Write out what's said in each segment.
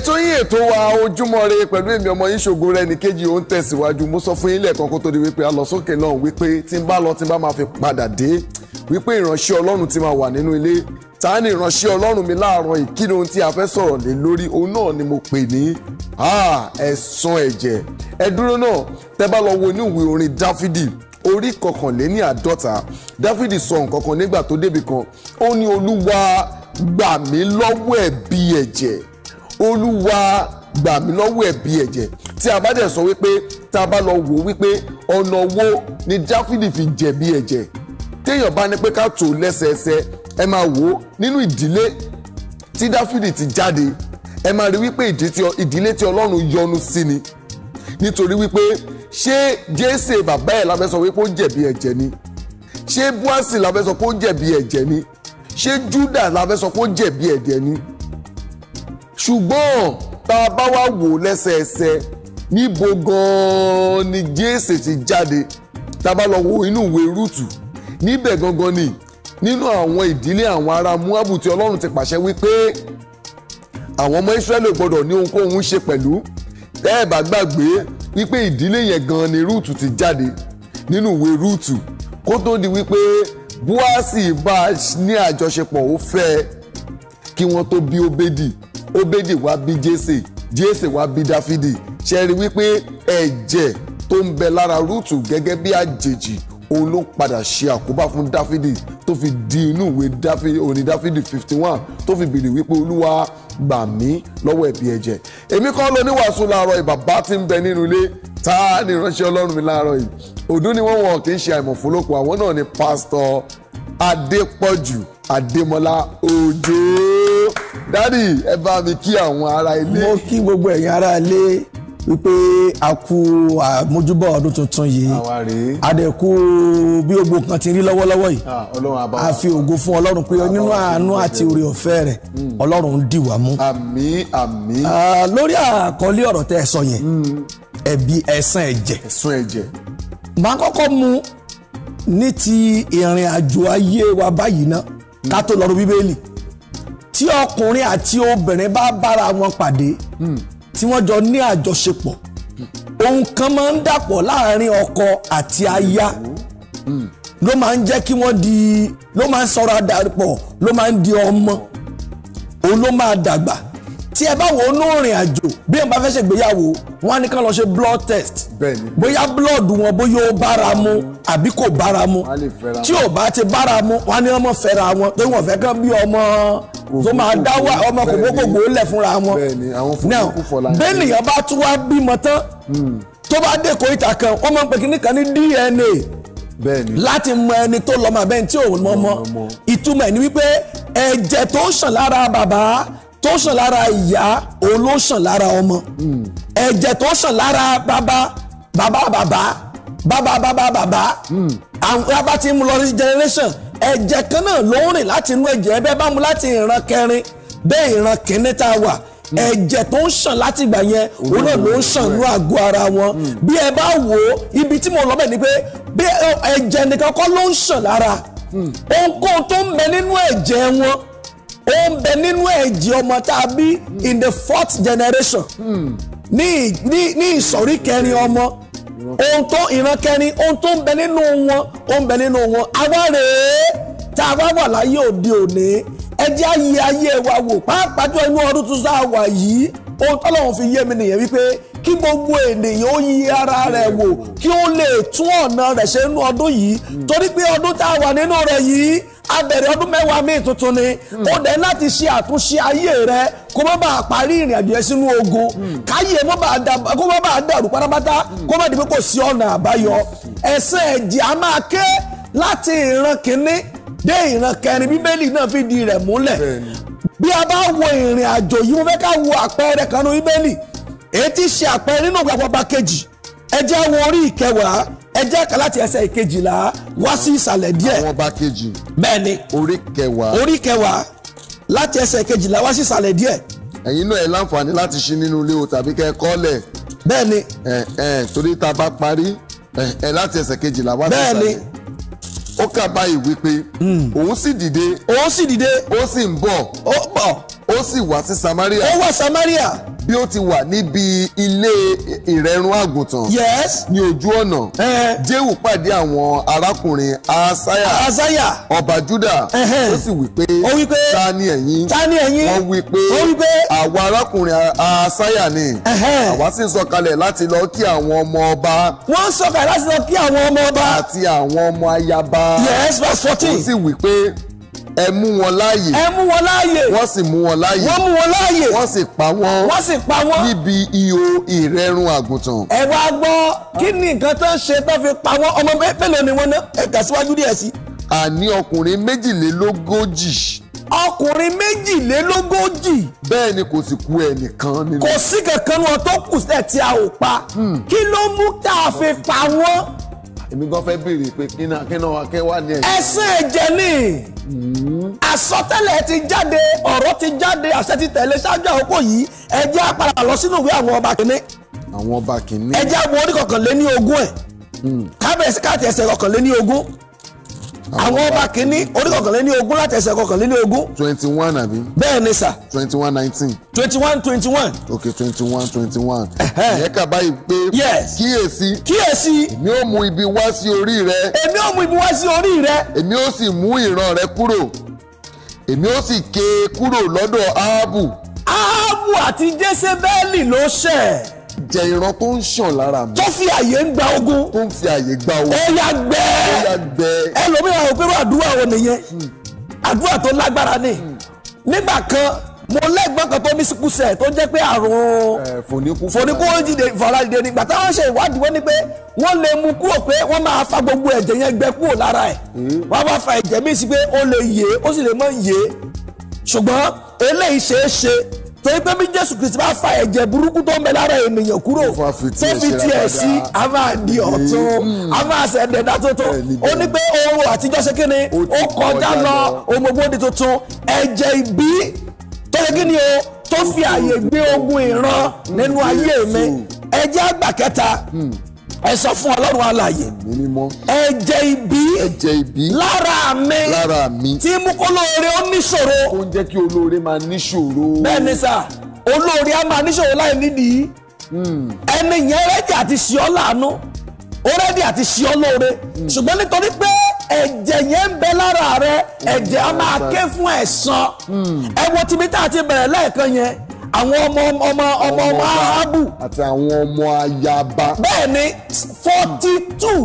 ètò yín ètò wa ojúmọ́ re pẹ̀lú èmi ọmọ yín ṣògo rẹ nìkejì ó ń tẹ̀síwájú mo sọ fún yín lẹ́ẹ̀kan kó tó di wípé a lọ sókè náà wípé tí n bá lọ tí n bá máa fi padà dé wípé ìránṣẹ́ ọlọ́run ti máa wà nínú ilé ta ni ìránṣẹ́ ọlọ́run mi láàárọ̀ ìkíni ohun tí a fẹ́ sọ̀rọ̀ lé lórí òun náà ni mo pè ní ah, ẹ̀san ẹ̀jẹ̀ ẹ dúró náà tẹ́ bá lọ wo ní ìwé orin dáfídì orí kọkànléní àádọ́ta dáfídì sọ nǹkan kan nígbà tó débi kan ó ní olúwa gbà mí lọ́wọ́ ẹ̀bi ẹ̀jẹ̀ olúwa gbà mí lọ́wọ́ ẹ̀bi ẹ̀jẹ̀ tí a bá dẹ̀ sọ wípé tá a bá lọ wò wípé ọ̀nà wo ni dáfídì fi jẹ̀bi ẹ̀jẹ̀ téèyàn bá ní pé ká tò lẹ́sẹẹsẹ ẹ máa wò ó nínú ìdílé tí dáfídì ti jáde ẹ máa rí wípé ìdílé tí ọlọ́run yọ́nú sí ni nítorí wípé ṣé jésè bàbá ẹ̀ lábẹ́ sọ wípé ó jẹ̀bi ẹ̀jẹ̀ ni ṣé búásì lábẹ́ sọ pé ó jẹ̀bi ẹ̀jẹ̀ ni ṣé júdà lábẹ́ sọ pé ó jẹ̀bi ẹ̀jẹ̀ ni ṣùgbọ́n tá a bá wá wò lẹ́sẹẹsẹ níbo gan-an ni Jésè ti jáde tá a bá lọ wo inú ìwé rúùtù níbẹ̀ gangan ni nínú àwọn ìdílé àwọn ará Móábù tí Ọlọ́run ti pàṣẹ wípé àwọn ọmọ Ísírẹ́lì ò gbọdọ̀ ní ohunkóhun ṣe pẹ̀lú tẹ́ ẹ̀ bá gbàgbé wípé ìdílé yẹn gan-an ni rúùtù ti jáde nínú ìwé rúùtù kó tó di wípé Bóásì bá ní àjọṣepọ̀ ó fẹ́ kí wọ́n tó bí Óbédì Obedi wa bí Jésè Jésè wá bí Dáfídì ṣe rí wípé ẹ̀jẹ̀ tó ń bẹ lára Rúùtù gẹ́gẹ́ bí àjèjì òun ló padà ṣe àkóbá fún Dáfídì tó fi di inú ìwé orin Dáfídì fifty one tó fi bèrè wípé Olúwa gbà mí lọ́wọ́ ẹ̀bi ẹ̀jẹ̀ èmi kọ́ ló níwàásù láàárọ̀ ìbàbá tí ń bẹ nínú ilé ta ni ìránṣẹ́ Ọlọ́run mi láàárọ̀ yìí ọdún ni wọ́n wọ̀ kì í ṣe àìmọ̀ àwọn náà ni pásítọ̀ Adépọ̀jù Adémọ́lá Òjó dádì ẹ bá mi kí àwọn ará ilé. mo kí gbogbo ẹ̀yin ará ilé wípé a kú àmójúbọ̀ ọdún tuntun yìí àdẹ̀kú bí ogbó kan ti rí lọ́wọ́lọ́wọ́ yìí ah, a fi ògo fún ọlọ́run pé nínú àánú àti oore ọ̀fẹ́ rẹ̀ hmm. ọlọ́run ń dì wá mú. àmín àmín. lórí àkọlé ọ̀rọ̀ tẹ́ ẹ sọ yẹn hmm. ẹ̀bi ẹ̀san ẹ̀jẹ̀. ẹ̀san ẹ̀jẹ̀. máa kọ́kọ́ mu ní ti ìrìn àjò ayé wa báyìí ná ká tó lọ bíbélì tí ọkùnrin àti obìnrin bá bára wọn pàdé hmm. tí wọ́n jọ ní àjọṣepọ̀ ohun kan máa ń dàpọ̀ láàrin ọkọ àti aya hmm. ló máa ń jẹ́ kí wọ́n di ló máa ń sọ̀rọ̀ àdàpọ̀ ló máa ń di ọmọ òun ló máa dàgbà tí ẹ bá wò ó lóòrìn àjò bí ẹ bá fẹ́ ṣègbéyàwó wọn á ní kán lọ ṣe blood test bóyá blood wọn bóyá ó bára mu àbí kò bára mu tí ò bá ti bára mu wọn á ní ọmọ fẹ́ra wọn tó wọn fẹ́ kán bí ọmọ tó máa dá wà ọmọ kògbókògbó lẹ̀ fúnra wọn now bẹ́ẹ̀ nìyẹn bá hmm. kan wọ́n máa DNA láti mọ ẹni tó lọ́mọ abẹ́ni tí òun mọ́ mọ́ ìtumọ̀ ẹ̀ ni wípé ẹ̀jẹ̀ tó ń ṣàn lára bàbá tó sàn lára ìyá òun ló sàn lára ọmọ hmm. ẹ̀jẹ̀ tó sàn lára bàbá bàbá bàbá bàbá bàbá bàbá hmm. àwọn bàbá ti mú lọ sí generation ẹ̀jẹ̀ kan náà ló ń rìn láti inú ẹ̀jẹ̀ ẹ̀bẹ̀ bá mu láti ìran kẹrin bẹ́ẹ̀ ìran kìíní tá a wà hmm. ẹ̀jẹ̀ tó ń sàn láti ìgbà yẹn òun náà ló ń sàn ní àgọ́ ara wọn bí ẹ bá wò ó ibi tí mo lọ bẹ̀ ni pé bí ẹ̀jẹ̀ nìkan kọ́ ló ń sàn lára ohunkóhun tó ń bẹ nínú ẹ̀jẹ̀ wọn ó ń bẹ nínú ẹ̀jẹ̀ ọmọ tá a bí in the fourth generation hmm. ní ní ìsọ̀rí kẹrin ọmọ ohun tó ìran kẹrin ohun tó ń bẹ nínú wọn ó ń bẹ nínú wọn àwa rèé tá a wá wà láyé òde òní ẹ jẹ́ ayé ayé wa wò pàápàá jọ inú ọdún tó sá wà yìí ohun tọ́lọ́run fi yé mi nìyẹn wípé kí gbogbo ènìyàn ó yí ara rẹ̀ wò kí ó lè tún ọ̀nà rẹ̀ ṣe nínú ọdún yìí hmm. torí pé ọdún tá a wà nínú rẹ̀ yìí abẹ̀rẹ̀ ọdún mẹ́wàá míì tuntun ni hmm. ó dẹ̀ láti ṣe àtúnṣe ayé rẹ kó má bàa parí ìrìn àjò yẹn sínú ogun hmm. káyé kó má bàa dàrú pátápátá hmm. kó má di pé kò sí ọ̀nà àbáyọ ẹsẹ̀ ẹ̀jẹ̀ a máa ké láti ìran kìíní dé ìran kẹrin bíbélì náà fìdí rẹ̀ múlẹ̀ bí a bá wo ìrìn àjò yìí mo fẹ́ ká wo àpẹẹrẹ kan nínú bíbélì èyí tí ṣe àpẹẹrẹ nínú ìgbàgbọ́ bá kejì ẹ jẹ́ wo orí ìkẹwàá ẹ jẹ́ kà láti ẹsẹ̀ ìkejìlá wá sí ìsàlẹ̀ díẹ̀. àwọn ọba kejì. bẹ́ẹ̀ ni orí kẹwàá. orí kẹwàá láti ẹsẹ̀ ìkejìlá wá sí ìsàlẹ̀ díẹ̀. ẹ̀yin náà ẹ láǹfààní láti ṣí nínú ilé o tàbí kẹ́ ẹ kọ́lẹ̀. bẹ́ẹ̀ ni. ẹ ẹ torí tá bá parí ẹ láti ẹsẹ̀ kejìlá wá sí ìsàlẹ̀. bẹ́ẹ̀ ni ó kà báyìí wípé hmm. òun sì dìde òun sì dìde ó sì ń bọ̀ ó bọ̀ ó sì wá sí Samaria ó wá Samaria bí ó ti wà níbi ilé ìrẹ̀rùn àgùntàn. yes. ní ojú ọ̀nà. jéhù pàdé àwọn arákùnrin asaya. asaya. ọba juda. ó sì wí pé. ó wí pé. ta ni ẹ̀yin. ta ni ẹ̀yin. wọ́n wí pé. ó wí pé. àwa arákùnrin asaya ni. àwa sì sọ̀kalẹ̀ láti lọ kí àwọn ọmọ ọba. wọ́n sọ̀kalẹ̀ láti lọ kí àwọn ọmọ ọba. àti àwọn ọmọ ayaba. yes ẹ mú wọn láàyè ẹ mú wọn láàyè wọ́n sì mú wọn láàyè wọ́n mú wọn láàyè wọ́n sì pa wọ́n wọ́n sì pa wọ́n níbi ihò ìrẹ́rùn àgùntàn. ẹ wá gbọ́ kí ni nǹkan tó ń ṣe tó fi pa wọ́n ọmọ mélòó ni wọ́n ná ẹ kà síwájú díẹ̀ sí. àní ọkùnrin méjìlélógójì ọkùnrin méjìlélógójì. bẹ́ẹ̀ ni kò sì kú ẹnìkan nínú. kò sí kankan wọn tó kù sílẹ̀ tí a ò pa. Hmm. kí ló mú tá a fi pa wọ́n èmi gan fẹ́ béèrè pé kíná kíná wa kẹ́ wà ní ẹ̀. ẹ̀sìn ẹ̀jẹ̀ ni hmm. àsọtẹ́lẹ̀ ti jáde ọ̀rọ̀ ti jáde àṣẹ ti tẹ̀lé ṣáájú àkókò yìí ẹ jẹ́ á padà lọ sínú ìwé àwọn ọba kìíní. àwọn ọba kìíní. ẹ jẹ́ àwọn orí kọkànléní ogún ẹ̀ hmm. kábẹ̀rẹ̀ sí káàtì ẹsẹ̀ kọkànléní ogún. àwọn ọba kìíní orí kọkànléní ogún láti ẹsẹ̀ kọkànléní ogún. twenty one àbí. bẹ́ẹ̀ ni sà. twenty one nineteen. twenty one twenty one. ok twenty one twenty one. ìyẹn kà báyìí pé. yes kíyèsí. kíyèsí. èmi ò mú ibi wá sí orí rẹ. èmi ò mú ibi wá sí orí rẹ. èmi ò sì mú ìran rẹ kúrò èmi ò sì ké e kúrò lọ́dọ̀ áábù. áábù àti jésébẹ́lì ló ṣẹ̀. jẹ ìran tó ń ṣàn lára mi. tó fi àyè ń gba ogun. tó ń fi àyè gba ogun. ó yá gbẹ. ó yá gbẹ. ẹlòmíràn ò pé wọ́n àdúrà wọn nìyẹn. Hmm. àdúrà tó lágbára ni. Hmm. nígbà kan mo lẹ́gbọ́n kan tó ní síkúsẹ̀ tó jẹ́ pé àrùn fòníkúròjìdè fọ̀rọ̀jìdè nígbà táwọn ṣe ìwádìí wọ́n ní pé wọ́n lè mú kúrò pé wọ́n máa fa gbogbo ẹ̀jẹ̀ yẹn gbẹ kúrò lára ẹ̀ hmm. wọ́n máa fa ẹ̀jẹ̀ míì sí pé ó lè yè é ó sì lè mọ́ yè é ṣùgbọ́n eléyìí ṣeé ṣe torí pé bí jésù kristi bá fa ẹ̀jẹ̀ burúkú tó ń bẹ lára ènìyàn kúrò tó fi tiẹ̀ sí a máa di ọ̀tun a máa ṣe ẹ̀dẹ̀dá tuntun ó ní pé oorun àtijọ́ ṣe kí ni ó kọjá lọ ohun gbogbo di tuntun ẹ̀jẹ̀ ìbí tó ṣe kí ni o tó fi àyè gbé ogun ìran nínú ayé mi ẹ̀jẹ̀ àgbà kẹta. Hmm ẹ sọ fún ọlọ́run alààyè ẹ̀jẹ̀ ibi ẹ̀jẹ̀ ibi lára mi lára mi tí mú kó lóore ó níṣòro ó ń jẹ́ kí olóore máa níṣòro bẹ́ẹ̀ ni sà olóore á máa níṣòro láì nídìí hmm. ẹni yẹn rẹ́dí àti ṣe ọ́ láàánú ó rẹ́dí àti ṣe ọ́ lóore hmm. ṣùgbọ́n nítorí pé ẹ̀jẹ̀ yẹn ń bẹ lára rẹ ẹ̀jẹ̀ á máa ké fún ẹ̀san hmm. ẹ wo ti bẹ̀rẹ̀ lẹ́ẹ̀kan yẹn àwọn ọmọ ọmọ ọmọ ọmọ ahabu àti àwọn ọmọ ayaba. bẹ́ẹ̀ forty two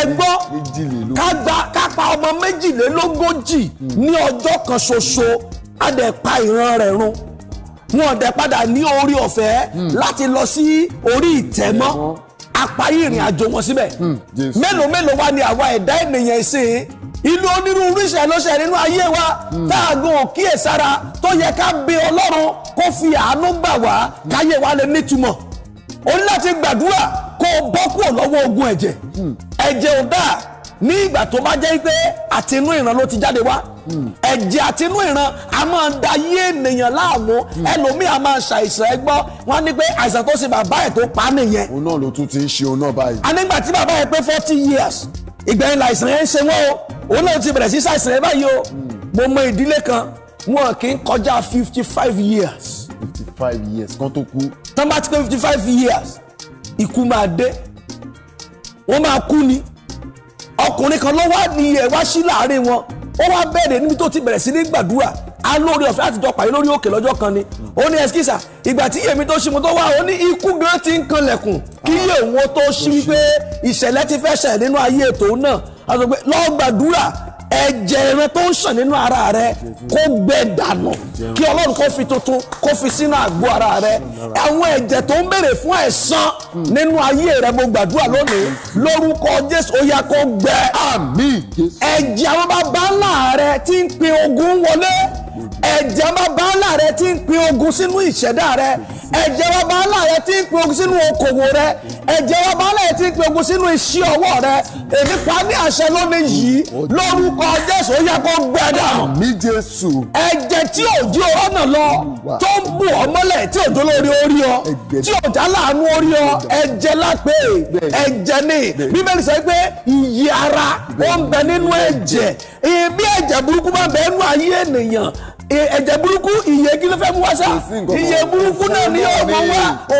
ẹgbọ́ kágbá kápá ọmọ méjìlélógójì ní ọjọ́ kan ṣoṣo á dẹ̀ pa ìran rẹ̀ run wọn ò dẹ̀ padà ní orí ọ̀fẹ́ hmm. láti lọ sí orí ìtẹ́ mọ́ apá ìrìn àjò wọn síbẹ̀ hmm. mélòó mélòó wá ni àwa ẹ̀dá ènìyàn ṣe é inú onírúurú ìṣẹ̀lọ́ṣẹ̀ nínú ayé wa tá a gan òkíyè sára tó yẹ ká bẹ ọlọ́run kó fi àánú gbà wá káyé wa lè nítumọ̀ o ní láti gbàdúrà kó o bọ́ kúrò lọ́wọ́ ogun ẹ̀jẹ̀ ẹ̀jẹ̀ ò dáa ní ìgbà tó bá jẹ́ pé àtinú ìran ló ti jáde wá ẹ̀jẹ̀ àtinú ìran a máa ń da yé ènìyàn láàmú ẹlòmíì a máa ń ṣàìsàn ẹ gbọ́ wọ́n ní pé àìsàn tó ṣe bàbá ẹ̀ tó pa á nìyẹn. òun náà ló tún ti ń ṣe òun náà báyìí. a nígbà tí bàbá yẹn pé forty years ìgbẹ̀yìn làìsàn yẹn ń ṣe wọ́n o òun náà ti bẹ̀rẹ̀ sí ṣàìsàn ẹ báyìí o mo mọ ìdílé kan wọn kì í kọjá fifty five years. fifty five years kan tó kú. tán bá ti pé fifty five years ikú máa dé wọ́n máa kú ni ọkùnrin kan ló wá ní ẹ̀ wá sí láàrin wọn ó wá bẹ̀rẹ̀ níbi tó ti bẹ̀rẹ̀ sí ní gbàdúrà a lórí ọ̀fẹ́ láti jọ pàyé lórí òkè lọ́jọ́ kan ni ó ní ẹ̀skísà ìgbà tí èmi tó ṣe mo tó wá ó ní ikú gan ti ń kanlẹ̀kùn kí yèwò tó ṣí wípé ìṣẹ̀lẹ̀ ti fẹ́ ṣẹlẹ̀ nínú ayé ètò náà a sọ pé lọ gbàdúrà ẹ̀jẹ̀ rẹ tó ń ṣàn nínú ara rẹ kó gbẹ dànù kí ọlọ́run kó fi tuntun kó fi sínú àgbo ara rẹ àwọn ẹ̀jẹ̀ tó ń béèrè fún ẹ̀san nínú ayé rẹ mo gbàdúrà lónìí lórúkọ jésù ó yá kó gbẹ ẹ̀jẹ̀ àwọn bàbá ńlá rẹ ti ń pin ogun wọlé ẹ̀jẹ̀ bàbá ńlá rẹ ti ń pin ogun sínú ìṣẹ̀dá rẹ ẹ̀jẹ̀ bàbá ńlá rẹ ti ń pin ogun sínú okòwò rẹ ẹ̀jẹ̀ bàbá ńlá rẹ ti ń pin ogun sínú iṣẹ́ ọwọ́ rẹ èmi pa ní àṣẹ lónìí yìí lórúkọ Jésù ó yẹ kó gbẹ dànù. àmì Jésù. ẹ̀jẹ̀ tí ò jí ọ̀rọ̀ náà lọ tó ń bù ọ́ mọ́lẹ̀ tí ò dolórí orí ọ tí ò já láàánú orí ọ ẹ̀jẹ̀ lápè ẹ̀jẹ̀ ni Bíbélì sọ pé ìyè ara ó ń bẹ nínú ẹ̀jẹ̀ ìbí ẹ̀jẹ̀ burúkú máa bẹ nínú ayé ènìyàn ẹ̀jẹ̀ burúkú ìyè kí ló fẹ́ mú wá sá ìyè burúkú náà ni yóò mú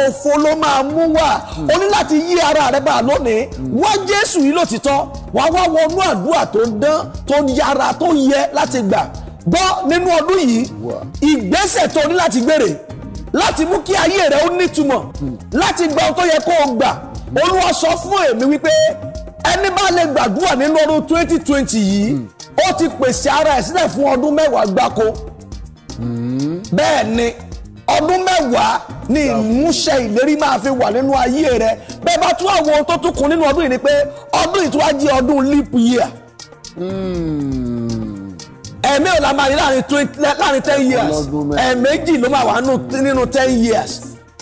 òfo ló máa mú wá o ní láti yí ara rẹ bá lónìí wá Jésù yìí lòtítọ́ wá wá wọnú àdúrà tó dán tó yára tó yẹ láti gbà gbọ́ nínú ọdún yìí ìgbésẹ̀ tó ní láti gbèrè láti mú kí ayé rẹ ó nítumọ̀ láti gba ohun tó yẹ kó o gbà Olúwa sọ fún èmi wípé ẹni bá lè gbàdúrà nínú ọdún twenty twenty yìí ó ti pèsè ara ẹ̀ sílẹ̀ fún ọdún mẹ́wàá gbáko bẹ́ẹ̀ ni ọdún mẹ́wàá ni ìmúṣẹ ìlérí máa fi wà nínú ayé rẹ bẹ́ẹ̀ bá tún àwọn ohun tó tún kún nínú ọdún yìí ni pé ọdún yìí tún wá jẹ́ ọdún leap year hmm. ẹ̀mí ò la máa ní láàrin ten years ẹ̀ẹ̀mejì ló máa wà nínú ten years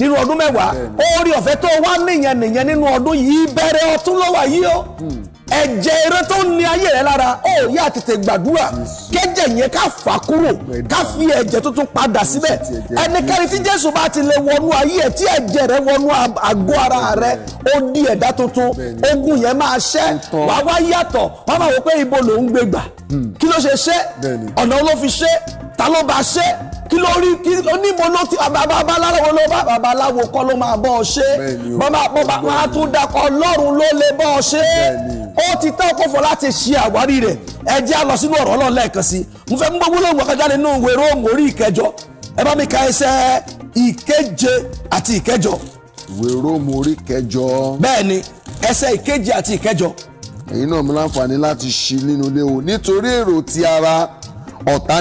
nínú ọdún mẹ́wàá oore ọ̀fẹ́ tó wá nìyẹn nìyẹn nínú ọdún yìí bẹ̀rẹ̀ ọtún ló wà yìí o. Hmm ẹ̀jẹ̀ eré tó ní ayé rẹ lára ó yá tètè gbàdúrà kẹ́jẹ̀ yẹn ká fà kúrò ká fi ẹ̀jẹ̀ tuntun padà síbẹ̀ ẹnikẹ́ni tí jésù bá ti lè wọnú ayé ẹ̀ tí ẹ̀jẹ̀ rẹ wọnú àgọ́ ara rẹ ó di ẹ̀dá tuntun ogun yẹn máa ṣẹ́ wàá wá yàtọ̀ wàá máa wò pé ibo lòún gbé gbà hmm. kí ló ṣe ṣe ọ̀nà ló fi ṣe ta ló bá ṣe kí ló rí kí oníbo ló ti babaláwo ló bá babaláwo kọ́ ló máa bọ́ ọ ṣe bọ́bá bọ́bá máa tún dakọ̀ ọlọ́run ló lè bọ́ ọ ṣe ó ti tẹ́ ọkọ̀ fún láti ṣe àwárí rẹ̀ ẹ jẹ́ àlọ́ sínú ọ̀rọ̀ ọlọ́run lẹ́ẹ̀kan sí mo fẹ́ mú gbogbo lóhùn ọ̀kan nínú ìwé Róòmù orí ìkẹjọ ẹ bá mi ka ẹsẹ̀ ìkeje àti ìkẹjọ. ìwé Róòmù kẹjọ. bẹ́ẹ̀ni o nítorí èrò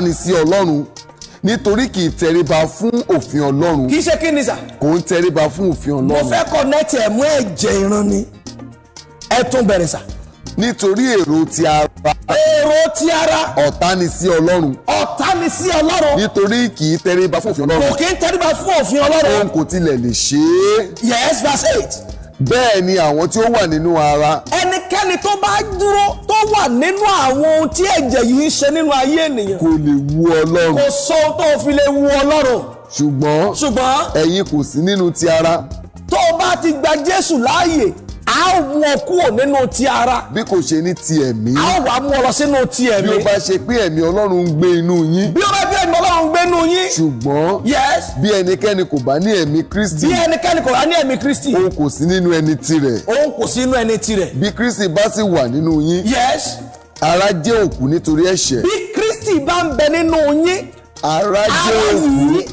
ni sí ọlọ́run nítorí kì í tẹríba fún òfin ọlọ́run. kì í ṣe kí ni sà. kò ń tẹríba fún òfin ọlọ́run. mo fẹ́ kọ̀nẹ́tì ẹ̀mú ẹ̀jẹ̀ ìran ni ẹ tún bẹ̀rẹ̀ sà. nítorí èrò ti ara. èrò ti ara. ọ̀tá ni sí ọlọ́run. ọ̀tá ni sí ọlọ́run. nítorí kì í tẹríba fún òfin ọlọ́run. kò kì í tẹríba fún òfin ọlọ́run. òun kò tilẹ̀ lè ṣe é. yes verse eight. bẹ́ẹ̀ ni àwọn tí ó wà nínú ara. ẹnikẹ́ni tó bá dúró nínú àwọn ohun tí ẹ̀jẹ̀ yìí ń ṣe nínú ayé ènìyàn. kò lè wu ọlọ́run. kò sọ ohun tó fi lè wu ọlọ́run. ṣùgbọ́n ṣùgbọ́n ẹ̀yin kò sí nínú ti ara. tó o bá ti gba Jésù láàyè a mú ọ kúrò nínú ti ara. bí kò ṣe ní ti ẹ̀mí. a wà á mú ọ lọ sínú ti ẹ̀mí. bí o bá ṣe pé ẹ̀mí ọlọ́run ń gbé inú yín. bí o bá ṣe pé ẹ̀mí ọlọ́run ń gbé inú yín. ṣùgbọ́n bí ẹnikẹ́ni kò bá ní ẹ̀mí kristi. bí ẹnikẹ́ni kò bá ní ẹ̀mí kristi. òun kò sí nínú ẹni tirẹ̀. òun kò sí nínú ẹni tirẹ̀. bí kristi bá sì wà nínú yín. ara jẹ́ òkú nítorí ẹ̀ṣẹ̀. bí kristi bá ń bẹ nínú yín. ara jẹ́ òkú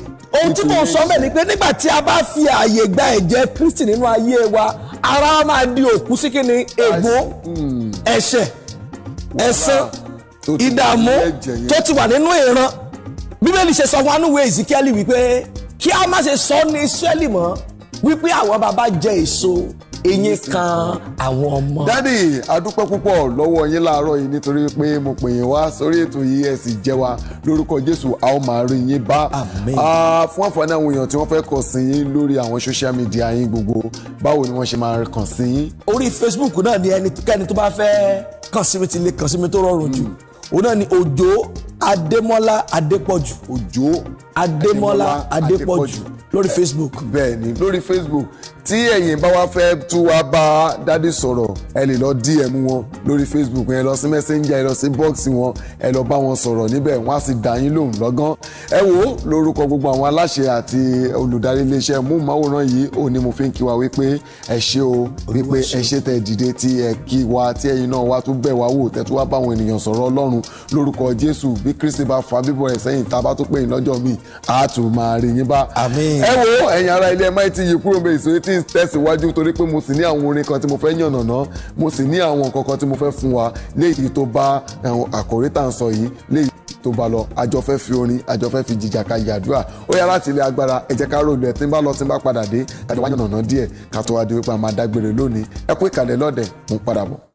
ohun tí mò ń sọ bẹ́ẹ̀ ni pé nígbà tí a bá fi ààyè gba ẹ̀jẹ̀ Kristi nínú ayé wa ara máa di òkú sí kíni ègbó ẹ̀ṣẹ̀ ẹ̀sán ìdààmú tó ti wà nínú ìran bíbélì ṣe sọ wá níwèé Ezekiel wípé kí a má ṣe sọ ní Ísírẹ́lì mọ́ wípé àwọn baba jẹ èso eyín kan àwọn ọmọ. dádì adúpẹ́ púpọ̀ lọ́wọ́ yín láàárọ̀ yìí nítorí pé mo pè yín wá sórí ètò yìí ẹ sì jẹ́ wa lórúkọ jésù a ó máa rí yín bá. àmín. fún àǹfààní àwọn èèyàn tí wọ́n fẹ́ kàn sí yín lórí àwọn social media yín gbogbo báwo ni wọ́n ṣe máa kàn sí yín. orí facebook náà ni ẹnikẹ́ni tó bá fẹ́ kàn sí mi ti lè kàn sí mi tó rọrùn jù hmm. òun náà ni òjò adémọ́lá adépọ̀jù. òjò adémọ́lá adépọ̀jù lórí facebook. bẹ́ẹ̀ni lórí facebook tí ẹ̀yin bá wá fẹ́ tú wa bá dádì sọ̀rọ̀ ẹ lè lọ dm wọn lórí facebook yẹn lọ sí messenger yẹn lọ sí box wọn ẹ lọ bá wọn sọ̀rọ̀ níbẹ̀ wọ́n á sì dá yín lóhùn lọ́gán ẹ wò ó lórúkọ gbogbo àwọn aláṣẹ àti olùdarí iléeṣẹ́ múmáwòrán yìí ò ní mo fi ń kí wa wípé ẹ ṣé o wípé ẹ ṣé tẹ́ dìde tí ẹ kí wa tí ẹ̀yin náà wá tún bẹ̀ wá wò tẹ́ wá bá àwọn ènìyàn sọ̀rọ̀ ọlọ́run lórúkọ jésù bí kristi bá fa bíbọ̀ rẹ̀ sẹ́yìn tá a bá tún pè é lọ́jọ́ míì á tún yín bá. ẹ wo ẹ̀yin ará ilé ẹ má ti yí kúrò mbẹ́ ìsòwétí ń tẹ̀síwájú torí pé mo sì ní àwọn orin kan tí mo fẹ́ yànnàná mo sì ní àwọn nǹkan kan tí mo fẹ́ fún wa léyìí tó bá àkòrí tá à ń sọ yìí léyìí tó bá lọ àjọ fẹ́ fi orin àjọ fẹ́ fi jìjà ka yàdúrà ó yá láti ilé agbára ẹ jẹ́ ká ròlù ẹ̀ tí ń bá lọ tí ń bá padà dé kájọ wájú nànà díẹ̀ ká tó wá di wípé a máa dágbére lónìí ẹ kú ìkàlẹ̀ lọ́dẹ̀ mo ń padà bọ̀.